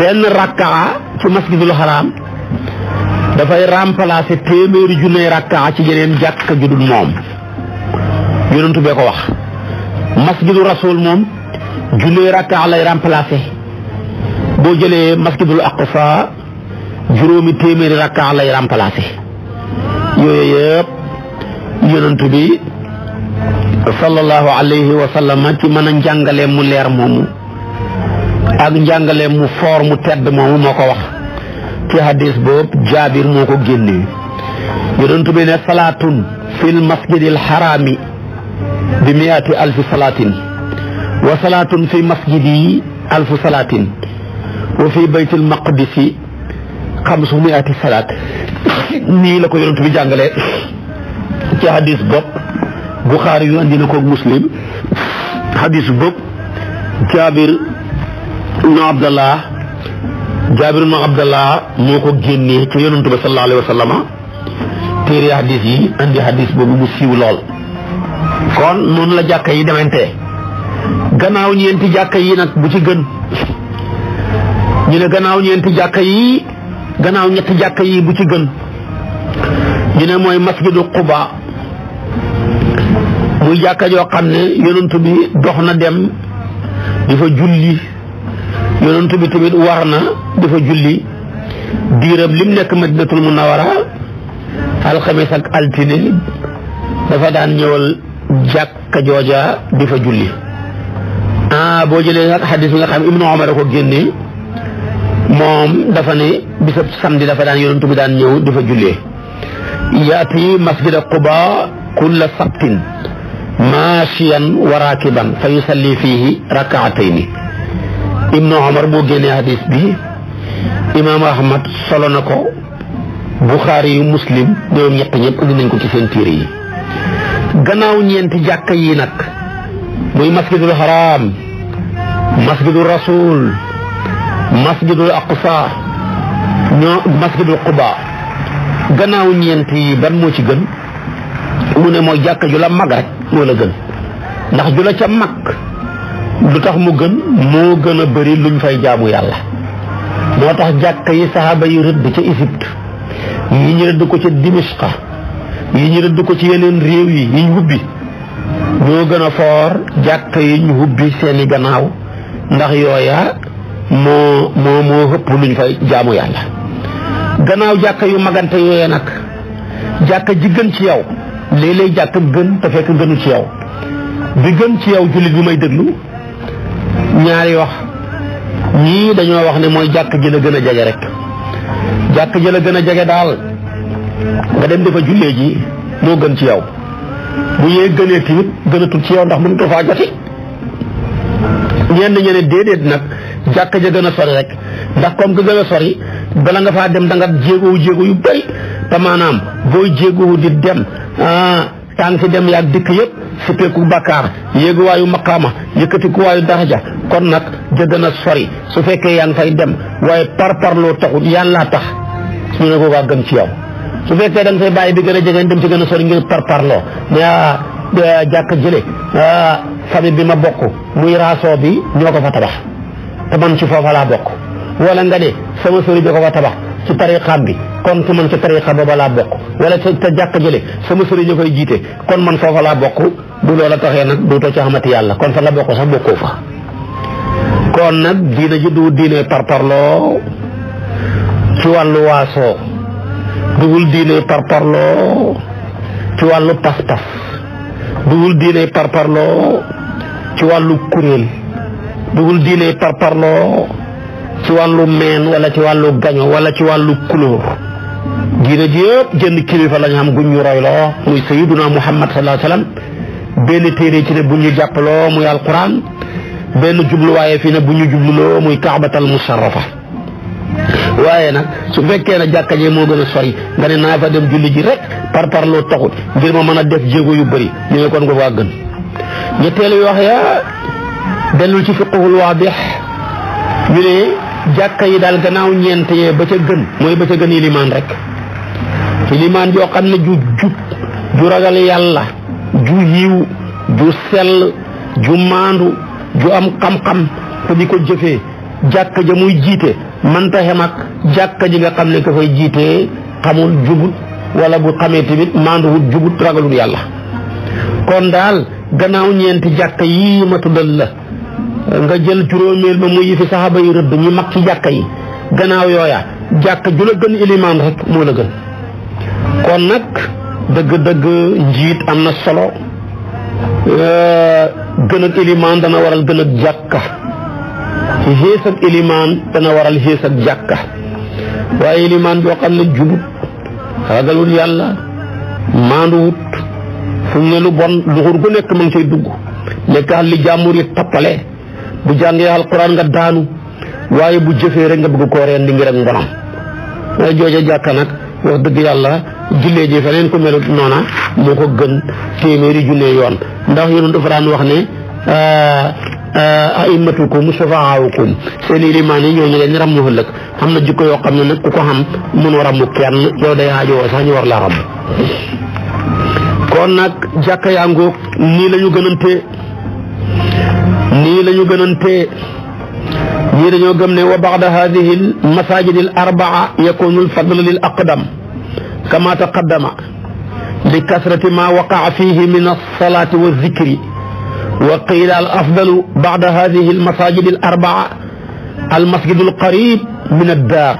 benn rakkaa ci masjidul haram dafay remplacer téeméeri junney rakkaa ci yeneen jàkka ju moom yonentu bee ko wax masjidu rasul moom junney rakkaa lay remplacer boo jëlee masjidul aqsa juróomi téeméeri rakkaa lay remplacer yooyu yëpp yonent bi sallallahu alayhi wa sallam ci mën a njàngaleem mu leer moomu ak njàngaleem mu foor mu tedd moomu moo ko wax ci hadis boobu jaabir moo ko génnee yonent bi ne salaatun fil masjidil xaraami bi miyaati alfi salaatin wa salaatun fi masjidi alfu salaatin wa fi baytil maqdisi xamsu miyaati salaat nii la ko yonent bi jàngalee ci hadis bopp Buxaari yu andi na ko muslim hadis bopp Jaabir ibnu Abdallah Jaabir ibnu Abdallah moo ko génnee ci yonantu ba sallallahu alayhi wa sallam téere hadis yi andi hadis boobu mu siiw lool kon moom la jàkka yi demante gannaaw ñeenti jàkka yi nag bu ci gën ñu ne gannaaw ñeenti jàkka yi gannaaw ñetti jàkka yi bu ci gën ñu ne mooy masjidu Quba muy jàkka joo xam ne yonent bi dox na dem di fa julli yonent bi tamit war na dafa julli diiram lim nekk madinatul munawara alxames ak altine dafa daan ñëwal jàkka jooja di fa julli ah boo jëlee nag bi nga xam ibnu omar ko génnee moom dafa ne bisab samedi dafa daan yonent bi daan ñëw dafa fa jullee yaati masjida quba kulla sabtin maashiyan wa raakiban fa yusalli fiihi rakaatayni ibnu omar boo génnee hadis bi imaam ahmad solo na ko buxaari yu muslim ñoom ñett ñëpp indi nañ ko ci seen téere yi gannaaw ñeenti jàkka yi nag muy masjidul haram masjidul rasul masjidul aqsa ñoo masjidul quba gannaaw ñeent yi ban moo ci gën mu ne mooy jàkka ju la mag rek moo la gën ndax ju la ca mag lu tax mu gën moo gën a bëri luñ fay jaamu yàlla moo tax jàkka yi saxaaba yi rëdd ca Égypte yi ñu rëdd ko ca Dimishqa yi ñu rëdd ko ci yeneen réew yi yiñ hubbi ñoo gën a foor jàkka yi ñu hubbi seeni gannaaw ndax yooya moo moo moo hëpp luñ fay jaamu yàlla gannaaw jàkka yu magante yooya nag jàkka ji gën ci yow lii lay jàkk gën te fekk gënu ci yow bi gën ci yow jullit bi may déglu ñaari wax ñii dañoo wax ne mooy jàkk gi la gën a jege rek jàkk ji la gën a jege daal nga dem dafa jullee ji moo gën ci yow bu yee gënee tamit gënatul ci yow ndax mënutoo faa joti ñenn ñeneen déedéet nag jàkk ja gën a sori rek ndax comme que gën a sori bala nga faa dem danga nga jéegoowu jéego yu bari te maanaam booy jéego di dem ah, tànk dem yaag dikk yëpp suppeeku bakkaar yéeguwaayu maqaama yëkkatikuwaayu daraja kon nag jëgën a sori su fekkee yaa ngi fay dem waaye par parloo taxut yàllaa tax ñu ne ko gën ci yow su fekkee da nga fay bàyyi bi gën a jege dem ci gën a sori ngir par parloo mais ah, jàkk jële ah, famille bi ma bokk muy raasoo bi ñoo ko fa tabax te ci foofa laa bokk wala nga ne sama sëriñ bi ko fa tabax ci tariqaam bi kon ku man ca tariqa booba laa bokk wala te jàkk jële sama sëriñ ñu koy jiite kon man foofa laa bokk bu loola taxee nag duutoo ci xamati yàlla kon fa nga bokk sax bokkoo fa kon nag diina du diine ci wàllu waasoo dugul diine parparloo ci wàllu pas-pas dugul diine parparloo ci wàllu kuréel dugul diine parparloo ci wàllu meen wala ci wàllu gaño wala ci wàllu couleur diine ji yëpp génn kilifa lañ xam guñ ñu royloo muy sayiduna muhammad sallallahu alayhi wasallam benn téere ci ne bu ñu jàppaloo muy alquran benn jubluwaaye fii ne bu ñu jubluloo muy kaabatal musharrafa waaye nag su fekkee ne jàkka jee moo gën a sori nga ne naa fa dem julli ji rek par parloo taxut ngir ma mën a def jéego yu bëri ñu ne kon nga waa gën ñetteelu yoo ya dellul ci fiqhul waadih ñu ne jàkka yi daal gannaaw ñeent yee ba ca gën mooy ba ca gën ilimaan rek ilimaan yoo xam ne ju jub ju ragal yàlla ju yiw ju sell ju maandu ju am xam-xam te di ko jëfee jàkka ja muy jiite mënta xem ak jàkka ji nga xam ne ka fay jiitee xamul jubut wala bu xamee tamit maanduwut jubut ragalul yàlla kon daal gannaaw ñeenti jàkka yii ma tuddal la nga jël juróomeel ba muy fi saxaaba yi rëbb ñi mag ci jàkka yi gannaaw yooya jàkk ju la gën ilimaan rek moo la gën kon nag dëgg-dëgg njiit am na solo euh, gën ak ilimaan dana waral gën ak jàkka xées ak ilimaan dana waral xées ak jàkka waaye ilimaan boo xam ne jubut ragalul yàlla maanduwut fu mu bon luxur gu nekk ma ngi cay dugg nekk li jàmbur yi tappale bu jàngee alquran nga daanu waaye bu jëfee rek nga bëgg koo reen di ngir ak mbonam waaye jooja jàkka nag wax dëgg yàlla jullee ji feneen ko melut ko gën téeméeri junne yoon ndax yoonu dafa daan wax ne aimatukum sufahaaukum seen ilimaan yi ñooñu leen ràmmu ëllëg xam na jikko yoo xam ne nag ku ko xam mënoo ràmmu kenn yow day aajowoo sax ñu war laa ràmm kon nag jàkka yaa ngoog nii la ñu gënante lii la ñu gënoon téye ñii dañoo gëm ne wa baxda hadihi l masajid l arbaa yakunu l fadl lil aqdam kama taqaddama li kasrati ma waqaa fihi min alsalati wa zikri wa qiila al afdalu baxda hadihi l masajid l arbaa al masjid l qarib min addaar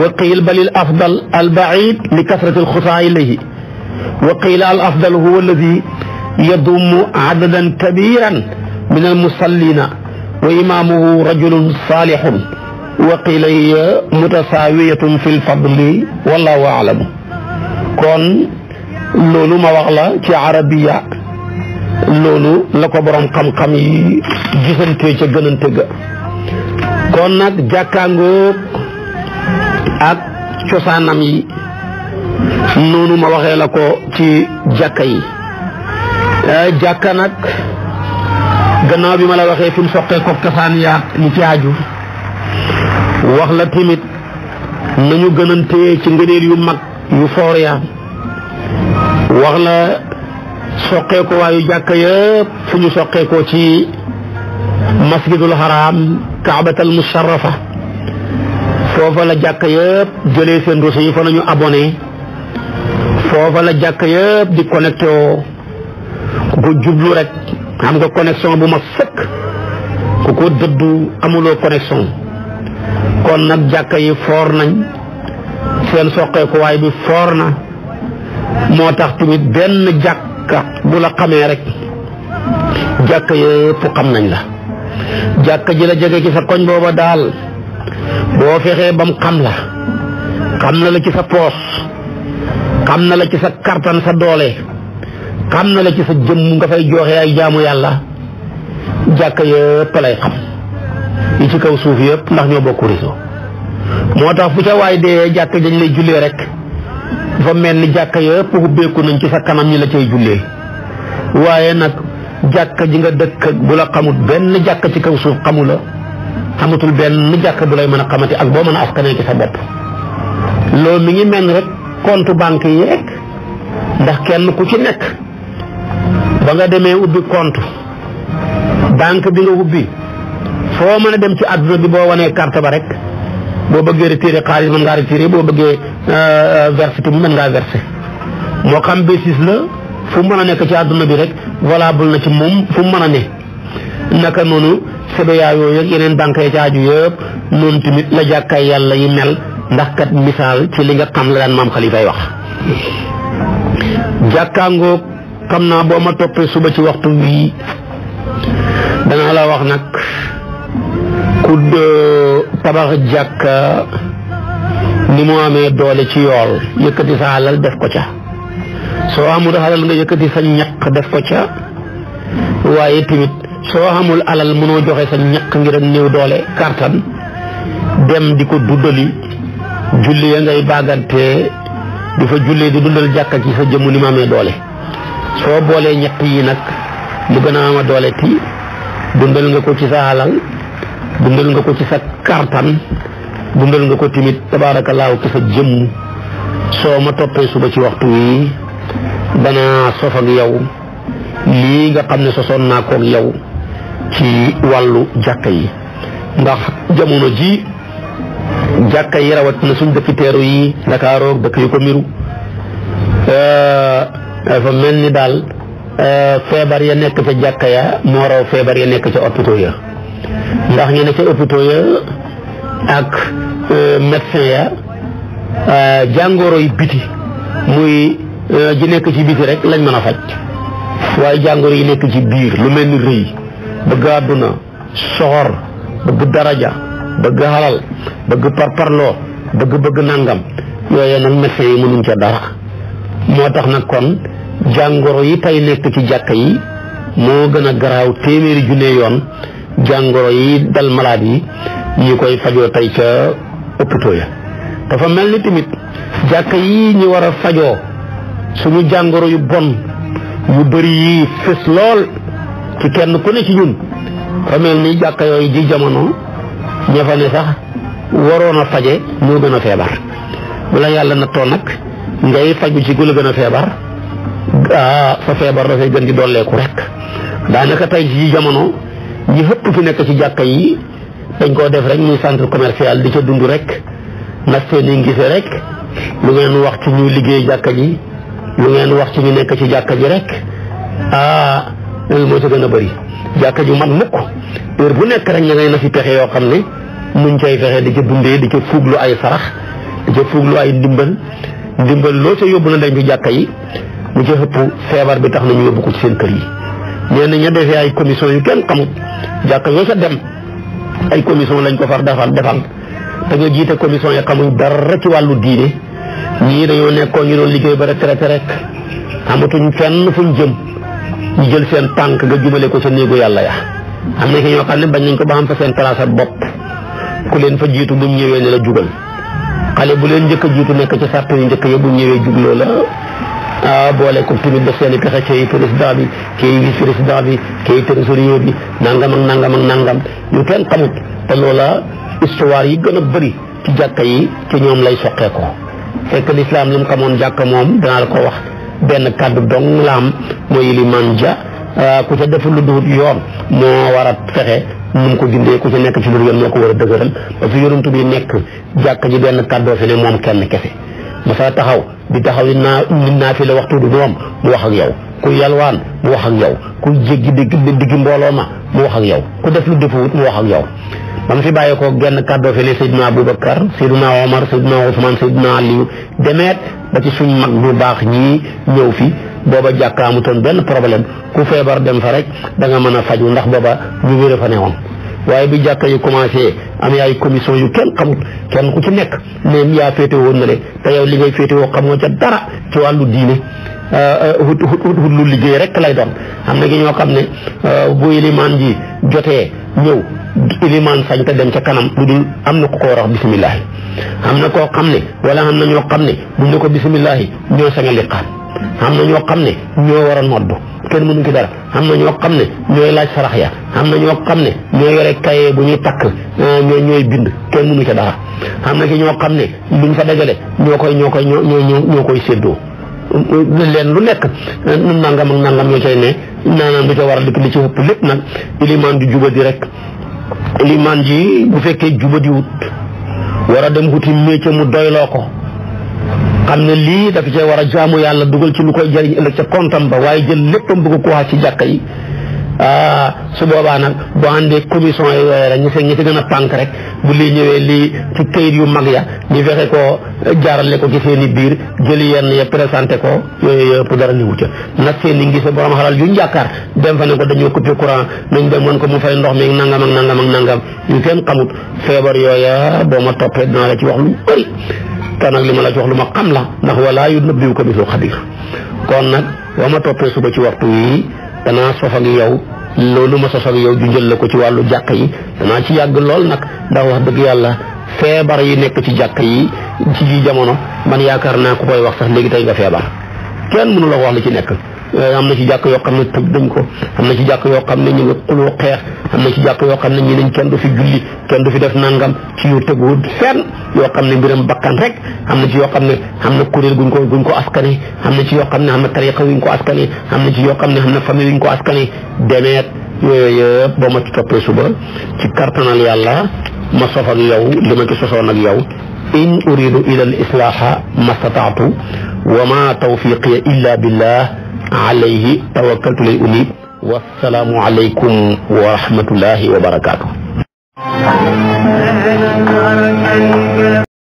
wa qiil bal al afdal al baid li kasrati al xusaa ilayhi wa qiila al afdal huwa alladi yadumu adadan kabiran min almusallina wa imaamuhu rajulun saalihun wa qiila hiya mutasaawiyatun fi lfadli wallahu aalamu kon loolu ma wax la ci arabiya loolu la ko borom xam-xam yi gisante ca gënante ga kon nag jàkkaangoog ak cosaanam yi noonu ma waxee la ko ci jàkka yi eh, jàkka nag gannaaw bi ma la waxee fi mu soqee ko kasaan yaa li ci aju wax la tamit nañu gënantee ci ngëneel yu mag yu foor ya wax la soqee ko waayu jàkka yëpp fu ñu soqee ko ci masjidul haram kaabatal musharrafa foofa la jàkka yëpp jëlee seen réseau yi fa nañu abonné foofa la jàkka yëpp di connecté ku jublu rek xam nga connexion bu ma sëkk ku ko dëddu amuloo connexion kon nag jàkka yi foor nañ seen soqeekuwaay bi foor na moo tax tamit benn jàkka bu la xamee rek jàkka yëpp xam nañ la jàkka ji la jege ci sa koñ boobu daal boo fexee bam xam la xam na la ci sa poos xam na la ci sa kartan sa doole xam na la ci sa jëmm nga fay jooxe ay jaamu yàlla jàkka yëpp lay xam yi ci kaw suuf yëpp ndax ñoo bokk réseau moo tax fu ca waay dee jàkka dañ lay jullee rek dafa mel ni jàkka yëpp ubbeeku nañ ci sa kanam ñi la ci cay jullee waaye nag jàkka ji nga dëkk bu la xamut benn jàkka ci kaw suuf xamu la xamatul benn jàkka bu lay mën a xamati ak boo mën a askanee ci sa bopp loolu mi ngi mel rek compte banque yi ndax kenn ku ci nekk ba nga demee ubbi compte banque bi nga ubbi foo mën a dem ci àdduna bi boo wanee carte ba rek boo bëggee retiré xaalis mën ngaa retiré boo bëggee euh, verser tamit mën ngaa verser moo xam bésis la fu mën a nekk ci àdduna bi rek valable na ci moom fu mën a ne naka noonu CBA yooyu ak yeneen banque yi ci aju yëpp noonu tamit la jàkkaay yàlla yi mel ndax kat misaal ci li nga xam la daan maam Xalifaay wax jàkkaangoog xam naa boo ma toppee suba ci waxtu bii danaa la wax nag ku tabax jàkka ni mu amee doole ci yool yëkkati sa alal def ko ca soo amul alal nga yëkkati sa ñaq def ko ca waaye tamit soo amul alal mënoo joxe sa ñaq ngir ak néew doole kartan dem di ko duddali julli ya ngay bàggante di fa jullee di dundal jàkka ci sa jëmm ni mu amee doole soo boolee ñett yi nag mu gën a ama doole ti dundal nga ko ci sa alal dundal nga ko ci sa kartan dundal nga ko timit tabaarakallaahu ci sa jëmm soo ma toppee suba ci waxtu wi danaa sof ak yow lii nga xam ne sosoon naa koog yow ci wàllu jàkka yi ndax jamono ji jàkka yi rawat na suñ dëkki teeru yi ndakaaroo dëkk yu ko miru euh, dafa mel ni daal euh, feebar ya nekk ca jàkka ya moo raw feebar ya nekk ca hôpitaux ya ndax ñu ne ca hôpitaux ya ak euh, médecin ya euh, jàngoro yi biti muy ji nekk ci biti rek lañ mën a faj waaye jàngoro yi nekk ci biir lu mel ni rëy bëgg àdduna soxor bëgg daraja bëgg xalal bëgg parparloo bëgg bëgg nangam yooyu nag médecin yi mënuñ ca dara moo tax nag kon jàngoro yi tey nekk ci jàkka yi moo gën a garaaw téeméeri junne yoon jàngoro yi dal malade yi ñu koy fajoo tey ca hôpitaux ya dafa mel ni tamit jàkka yi ñu war a fajoo suñu jàngoro yu bon yu bëri yi fës lool ci kenn ku ne ci ñun dafa mel ni jàkka yooyu ji jamono ña fa ne sax waroon a faje moo gën a feebar bu la yàlla nattoo nag ngay faju ci ku la gën a feebar ah fa feebar dafay gën di dolleeku rek daanaka tey jii jamono ñi hëpp fi nekk ci jàkka yi dañ koo def rek muy centre commercial di ca dund rek ndax seen i ngise rek lu ngeen wax ci ñu liggéey jàkka ji lu ngeen wax ci ñu nekk ci jàkka ji rek ah loolu moo gën a bëri jàkka ju mat mukk heure bu nekk rek ña ngay na fi pexe yoo xam ne muñ cay fexe di ca dundee di ca fuuglu ay sarax di ca fuuglu ay ndimbal ndimbal loo ca yóbbu na dañ bi jàkka yi lu ci ëpp feebar bi tax nañu yóbbu ko ci seen kër yi nee na defee ay commission yu kenn xamut jàkk yoo sa dem ay commission lañ ko far defal defal da jiite commission ya xamuñ dara ci wàllu diine ñii dañoo nekkoo ñu doon liggéey ba retraité rek amatuñ fenn ñu jëm ñu jël seen tànk nga jumale ko sa néegu yàlla ya am na ki ñoo xam ne bañ nañ ko ba am fa seen place bopp ku leen fa jiitu buñ ñëwee ne la jugal xale bu leen njëkk a jiitu nekk ci sàrt yu njëkk ya buñ ñëwee jugloo la ah boole ko tamit def seen i pexe kii président bi kii vice président bi kii trésorier bi nangam ak nangam ak nangam kenn xamut te loola histoire yi gën a bëri ci jàkka yi ci ñoom lay soqee ko fekk lislaam li mu xamoon jàkk moom danaa la ko wax benn kàddu dong mooy am man ja ku ca deful lu dul yoon moo war a fexe nu mu ko dindee ku ca nekk ci lu yoon moo ko war a dëgëral parce que yonent bi nekk jàkka ji benn kàddoo fi ne moom kenn kese dafa taxaw di taxaw naa nit naa fi la waxtu du moom mu wax ak yow ku yalwaan mu wax ak yow ku jéggi digg diggi mbooloo ma mu wax ak yow ku def lu defuwut mu wax ak yow ba mu fi bàyyi ko genn kàddoo fi ne Seydina Aboubacar Seydina Omar Seydina Ousmane Seydina Aliou demeet ba ci suñ mag ñu baax ñii ñëw fi booba jàkkaamutoon benn problème ku feebar dem fa rek danga mën a faj faju ndax booba ñu wér a fa newoon waaye bi jàkka yu commencé am yaay commission yu kenn xamut kenn ku ci nekk même yaa féete woon na le te yow li ngay féete woo xam nga ca dara ci wàllu diine euh, euh, hut hut hut lu liggéey rek lay doon xam na gi ñoo xam ne euh, bu ilimaan ji jotee ñëw ilimaan sañ te dem ca kanam lu dul am na ku ko war a wax bisimilahi am na koo xam ne wala am na ñoo xam ne buñ na ko bisimilahi ñoo sañ a liqaan am na ñoo xam ne ñoo war a noddu kenn mënu ki dara am na ñoo xam ne ñooy laaj sarax ya am na ñoo xam ne ñooy yore bu ñuy takk eh, ñoo ñooy bind kenn mënu ko dara am na ci ñoo xam ne luñ fa dajale ñoo koy ñoo koy ñoo ñoo koy séddoo leen lu nekk eh, nangam ak nangam ñoo cay ne naanaam li ca war a dikk li ci ëpp lépp nag ilimaan di juba di rek ilimaan ji bu fekkee juba di wut war a dem wuti métier mu doyloo ko xam ne lii dafa cee war a jaamu yàlla dugal ci lu koy jëriñ ëllëg ca kontam ba waaye jël léppam bëgg ko wax ci jàkka yi Ah, su boobaa nag bu àndee commission yi yooyu rek ñu fi ñu fi gën a pànk rek bu lii ñëwee lii ci këyit yu mag ya ñu fexe ko jaarale ko ci seen i biir jëli yenn ya présenté ko yooyu yëpp dara ni wucca nag seen i ngise borom xalal yu njàkkaar dem fa ne ko dañoo coupé courant nañ dem woon ko mu fay ndox mi nangam ak nangam ak nangam ñu kenn xamut feebar yooya boo ma toppee dinaa la ci wax lu bëri te nag li ma la ci wax lu ma xam la ndax walaa yu nëbbiwu ko bisu xabiir kon nag boo ma toppee suba ci waxtu yi danaa sof ak yow loolu ma sof ak yow junjël la ko ci wàllu jàkk yi danaa ci yàgg lool nag ndax wax dëgg yàlla feebar yi nekk ci jàkk yi ci ji jamono man yaakaar naa ku koy wax sax léegi tey nga feebar kenn mënu la wax li ci nekk am na ci jàkk yoo xam ne tëb dañ ko am na ci jàkk yoo xam ne ñu ngi xuloo xeex am na ci jàkk yoo xam ne ñi nañ kenn du fi julli kenn du fi def nangam ci yu teguwul fenn yoo xam ne mbiram bakkan rek am na ci yoo xam ne am na kuréel guñ ko guñ ko askane am na ci yoo xam ne am na tariqa wuñ ko askane am na ci yoo xam ne am na famille wuñ ko askane demeet yooyu yëpp boo ma ci toppee suba ci kartanal yàlla ma sof ak yow li ma ci sosoon ak yow in uridu ila al islaaha ma stataatu wa ma tawfiqiya illa billah alayhi tawakkaltu lay unib wasalaamu aleykum wa rahmatullahi wa barakaatu